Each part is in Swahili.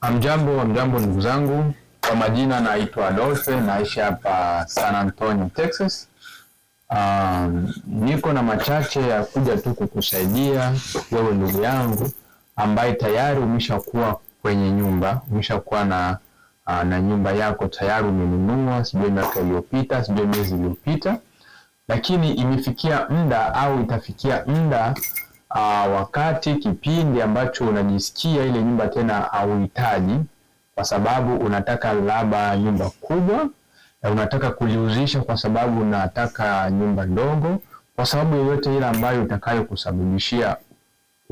Amjambo, amjambo ndugu zangu, kwa majina naitwa Adolphe, naishi hapa San Antonio, Texas. Um, niko na machache ya kuja tu kukusaidia wewe ndugu yangu ambaye tayari umeshakuwa kwenye nyumba, umeshakuwa na uh, na nyumba yako tayari umenunua, sijui miaka iliyopita, sijui miezi iliyopita, lakini imefikia muda au itafikia muda uh, wakati kipindi ambacho unajisikia ile nyumba tena hauhitaji, kwa sababu unataka labda nyumba kubwa na unataka kuliuzisha kwa sababu unataka nyumba ndogo, kwa sababu yoyote ile ambayo itakayokusababishia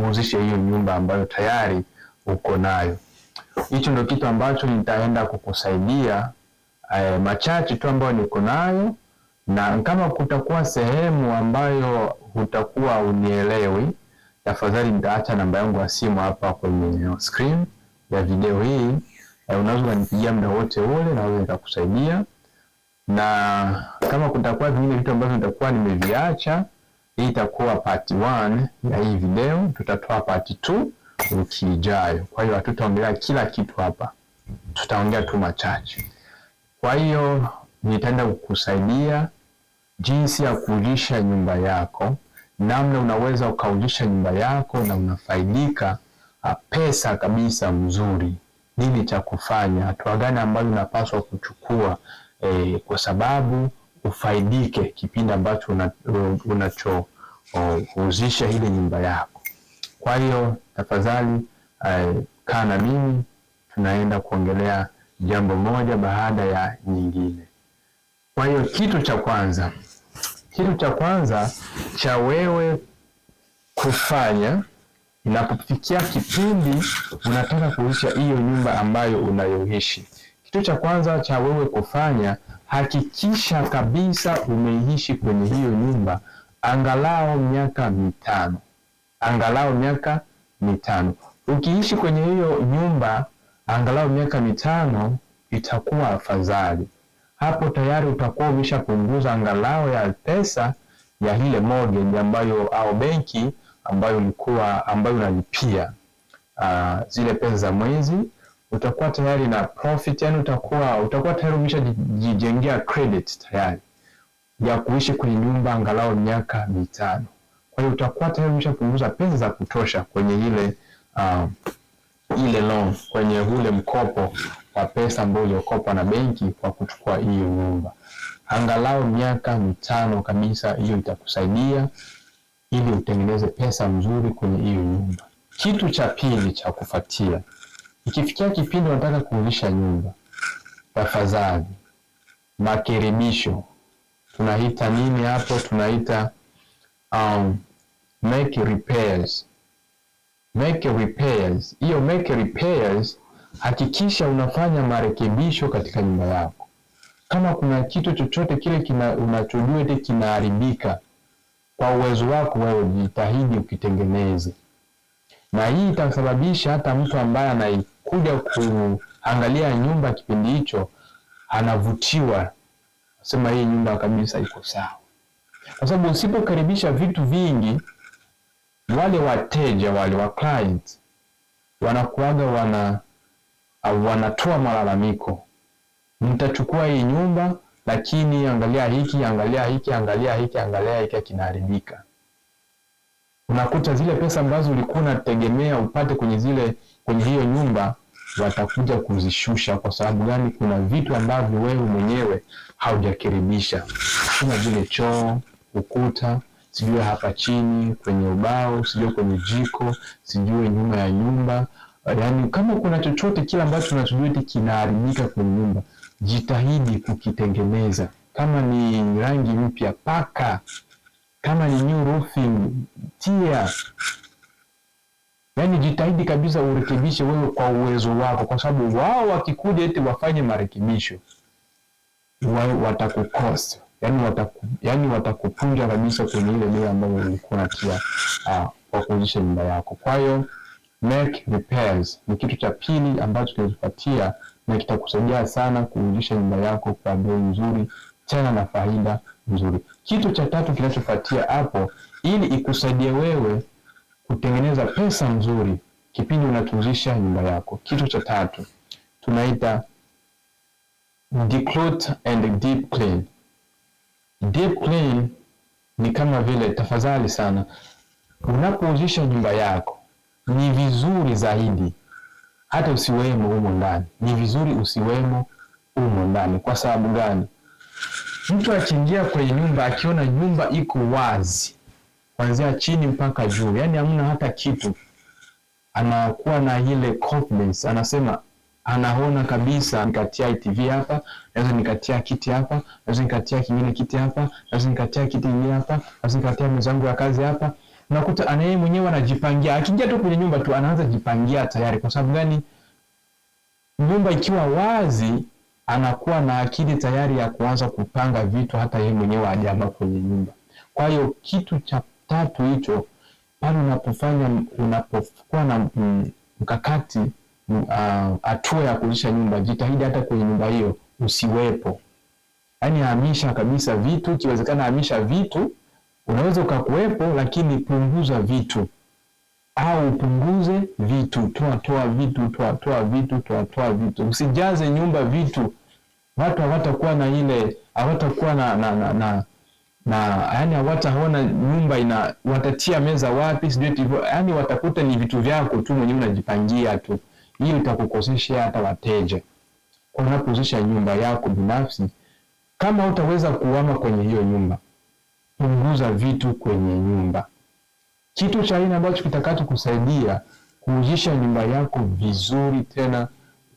uuzishe hiyo nyumba ambayo tayari uko nayo. Hicho ndio kitu ambacho nitaenda kukusaidia eh, machache tu ambayo niko nayo, na kama kutakuwa sehemu ambayo hutakuwa unielewi tafadhali nitaacha namba yangu ya simu hapa kwenye screen ya video hii. Eh, unaweza ukanipigia muda wote ule, naweza nikakusaidia, na kama kutakuwa vingine vitu ambavyo nitakuwa nimeviacha, hii itakuwa part 1 ya hii video. Tutatoa part 2 wiki ijayo, kwa hiyo hatutaongelea kila kitu hapa, tutaongea tu machache. Kwa hiyo nitaenda kukusaidia jinsi ya kulisha nyumba yako namna unaweza ukaonyesha nyumba yako na unafaidika ah, pesa kabisa mzuri. Nini cha kufanya? Hatua gani ambayo unapaswa kuchukua e, kwa sababu ufaidike kipindi ambacho unachouzisha una oh, ile nyumba yako. Kwa hiyo tafadhali e, kaa na mimi, tunaenda kuongelea jambo moja baada ya nyingine. Kwa hiyo kitu cha kwanza kitu cha kwanza cha wewe kufanya inapofikia kipindi unataka kuisha hiyo nyumba ambayo unayoishi, kitu cha kwanza cha wewe kufanya, hakikisha kabisa umeishi kwenye hiyo nyumba angalau miaka mitano, angalau miaka mitano. Ukiishi kwenye hiyo nyumba angalau miaka mitano, itakuwa afadhali hapo tayari utakuwa umeshapunguza angalau ya pesa ya ile mortgage ambayo au benki ambayo ulikuwa ambayo unalipia uh, zile pesa za mwezi, utakuwa tayari na profit, yani utakuwa utakuwa tayari umeshajijengea credit tayari ya kuishi kwenye nyumba angalau miaka mitano. Kwa hiyo utakuwa tayari umeshapunguza pesa za kutosha kwenye ile uh, ile loan kwenye ule mkopo wa pesa ambao uliokopa na benki kwa kuchukua hiyo nyumba. Angalau miaka mitano kabisa, hiyo itakusaidia ili utengeneze pesa nzuri kwenye hiyo nyumba. Kitu cha pili cha kufuatia, ikifikia kipindi unataka kuulisha nyumba, tafadhali makaribisho. Tunaita nini hapo? Tunaita um, make repairs make repairs. Hiyo make repairs, hakikisha unafanya marekebisho katika nyumba yako. Kama kuna kitu chochote kile kina unachojua ile kinaharibika, kwa uwezo wako wewe jitahidi ukitengeneze, na hii itasababisha hata mtu ambaye anaikuja kuangalia nyumba kipindi hicho anavutiwa, sema hii nyumba kabisa iko sawa, kwa sababu usipokaribisha vitu vingi wale wateja wale wa client wanakuaga wana wanatoa malalamiko, mtachukua hii nyumba lakini angalia hiki angalia hiki angalia hiki angalia hiki kinaharibika. Unakuta zile pesa ambazo ulikuwa unategemea upate kwenye zile kwenye hiyo nyumba watakuja kuzishusha. Kwa sababu gani? Kuna vitu ambavyo wewe mwenyewe haujakiribisha kama vile choo, ukuta sijue hapa chini kwenye ubao, sijue kwenye jiko, sijue nyuma ya nyumba. Yani kama kuna chochote kile ambacho tunachojua ti kinaharibika kwenye nyumba, jitahidi kukitengeneza. Kama ni rangi mpya, paka. Kama ni new roofing, tia. Yaani jitahidi kabisa urekebishe wewe kwa uwezo wako, kwa sababu wao wakikuja eti wafanye marekebisho wao watakukosa yani wataku, yani watakupunja kabisa kwenye ile bei ambayo ulikuwa unatia kwa ah, kuuzisha nyumba yako. Kwa hiyo make repairs ni kitu cha pili ambacho kinachofuatia na kitakusaidia sana kuuzisha nyumba yako kwa bei nzuri tena na faida nzuri. Kitu cha tatu kinachofuatia hapo, ili ikusaidie wewe kutengeneza pesa nzuri kipindi unatuzisha nyumba yako. Kitu cha tatu tunaita and deep Deep clean ni kama vile tafadhali sana, unapouzisha nyumba yako ni vizuri zaidi hata usiwemo humo ndani, ni vizuri usiwemo humo ndani. Kwa sababu gani? Mtu akiingia kwenye nyumba akiona nyumba iko wazi kuanzia chini mpaka juu, yaani hamna hata kitu, anakuwa na ile confidence, anasema anaona kabisa, nikatia ITV hapa, naweza nikatia kiti hapa, naweza nikatia kingine kiti hapa, naweza nikatia kiti kingine hapa, naweza nikatia mwenzangu ya kazi hapa. Nakuta anaye mwenyewe anajipangia, akija tu kwenye nyumba tu anaanza jipangia tayari. Kwa sababu gani? Nyumba ikiwa wazi, anakuwa na akili tayari ya kuanza kupanga vitu, hata yeye mwenyewe ajaba kwenye nyumba. Kwa hiyo kitu cha tatu hicho, pale unapofanya unapokuwa na mm, mkakati mm, Uh, hatua uh, ya kuanzisha nyumba, jitahidi hata kwenye nyumba hiyo usiwepo. Yaani hamisha kabisa vitu, ikiwezekana hamisha vitu. Unaweza ukakuwepo, lakini punguza vitu au upunguze vitu. Toa toa vitu, toa toa vitu, toa toa vitu. Usijaze nyumba vitu. Watu hawatakuwa na ile, hawatakuwa na na na, na na yani hawataona nyumba ina, watatia meza wapi, sijui hivyo. Yani watakuta ni vitu vyako tu mwenyewe unajipangia tu hiyo itakukosesha hata wateja. Unapouzisha nyumba yako binafsi, kama utaweza kuama kwenye hiyo nyumba, punguza vitu kwenye nyumba. Kitu cha aina ambacho kusaidia kuuzisha nyumba yako vizuri, tena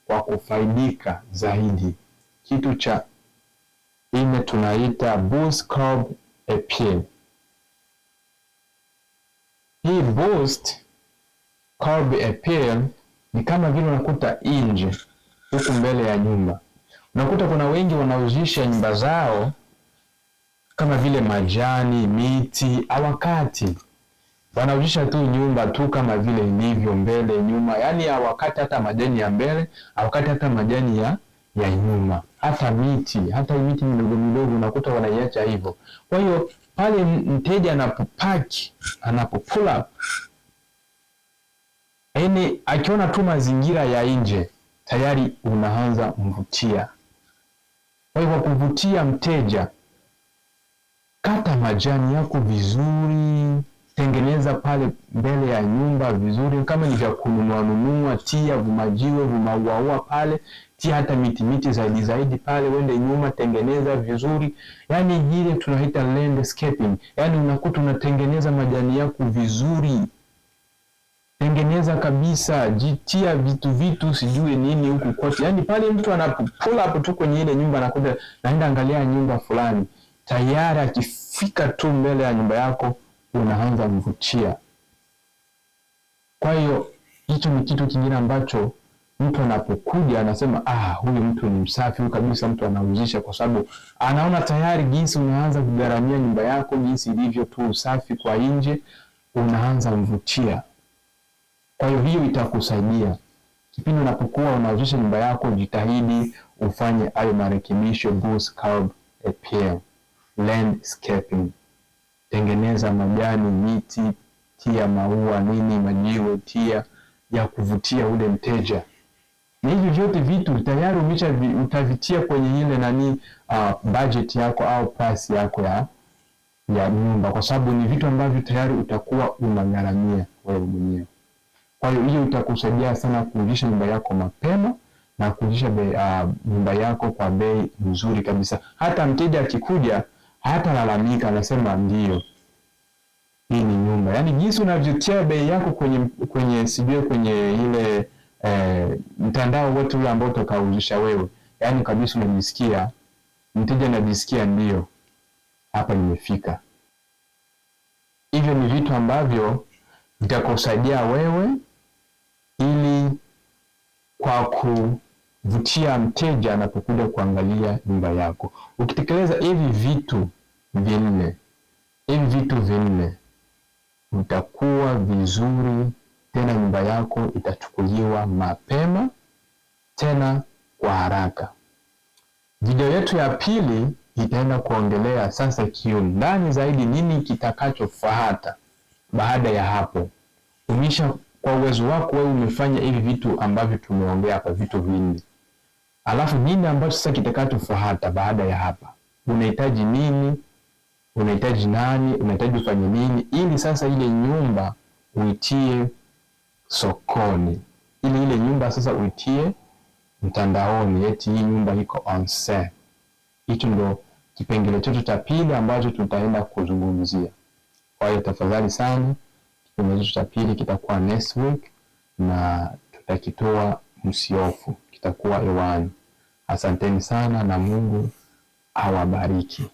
kwa kufaidika zaidi, kitu cha ine tunaita boost curb appeal. Hii boost curb appeal ni kama vile unakuta nje huku mbele ya nyumba, unakuta kuna wengi wanauzisha nyumba zao kama vile majani, miti, awakati wanauzisha tu nyumba tu kama vile ilivyo mbele nyuma, yaani awakati hata majani ya mbele, awakati hata majani ya ya nyuma, hata miti, hata miti midogo midogo unakuta wanaiacha hivyo. Kwa hiyo pale mteja anapopaki, anapopula yaani akiona tu mazingira ya nje tayari unaanza mvutia. Kwa hivyo kwa kuvutia mteja, kata majani yako vizuri, tengeneza pale mbele ya nyumba vizuri, kama ni vya kununua nunua, tia vumajiwe vumauaua pale, tia hata miti miti zaidi zaidi pale, wende nyuma, tengeneza vizuri, yaani ile tunaita landscaping, yaani unakuta unatengeneza majani yako vizuri tengeneza kabisa, jitia vitu vitu sijui nini huku kote. Yani pale mtu anapopula hapo tu kwenye ile nyumba, anakuja naenda angalia nyumba fulani, tayari akifika tu mbele ya nyumba yako unaanza mvutia. Kwa hiyo hicho ni kitu kingine ambacho mtu anapokuja anasema, ah, huyu mtu ni msafi, huyu kabisa mtu anauzisha, kwa sababu anaona tayari jinsi unaanza kugharamia nyumba yako, jinsi ilivyo tu usafi kwa nje, unaanza mvutia. Kwa hiyo hiyo itakusaidia kipindi unapokuwa unaozesha nyumba yako, jitahidi ufanye hayo marekebisho. Boost curb appeal, landscaping, tengeneza majani, miti, tia maua, nini, majiwe, tia ya kuvutia ule mteja. Na hivi vyote vitu tayari umesha utavitia kwenye ile nani, uh, budget yako au price yako ya ya nyumba, kwa sababu ni vitu ambavyo tayari utakuwa unagharamia wewe mwenyewe. Kwa hiyo hiyo itakusaidia sana kuujisha nyumba yako mapema na kuujisha ah, nyumba uh, yako kwa bei nzuri kabisa. Hata mteja akikuja hata lalamika, anasema ndio hii ni nyumba. Yaani jinsi unavyotia bei yako kwenye kwenye sijue kwenye ile eh, mtandao wote ule ambao utakauzisha wewe, yaani kabisa unajisikia, mteja anajisikia ndio hapa nimefika. Hivyo ni vitu ambavyo vitakusaidia wewe ili kwa kuvutia mteja anapokuja kuangalia nyumba yako. Ukitekeleza hivi vitu vinne, hivi vitu vinne, utakuwa vizuri tena, nyumba yako itachukuliwa mapema tena kwa haraka. Video yetu ya pili itaenda kuongelea sasa kiundani zaidi nini kitakachofuata baada ya hapo. Umesha kwa uwezo wako wewe umefanya hivi vitu ambavyo tumeongea hapa, vitu vinne. Alafu nini ambacho sasa kitakachofuata baada ya hapa? Unahitaji nini? Unahitaji nani? Unahitaji ufanye nini ili sasa ile nyumba uitie sokoni, Ile ile nyumba sasa uitie mtandaoni, eti hii nyumba iko on sale. Hicho ndo kipengele chetu cha pili ambacho tutaenda kuzungumzia. Kwa hiyo tafadhali sana Kipimo cha pili kitakuwa next week na tutakitoa msiofu, kitakuwa hewani. Asanteni sana na Mungu awabariki.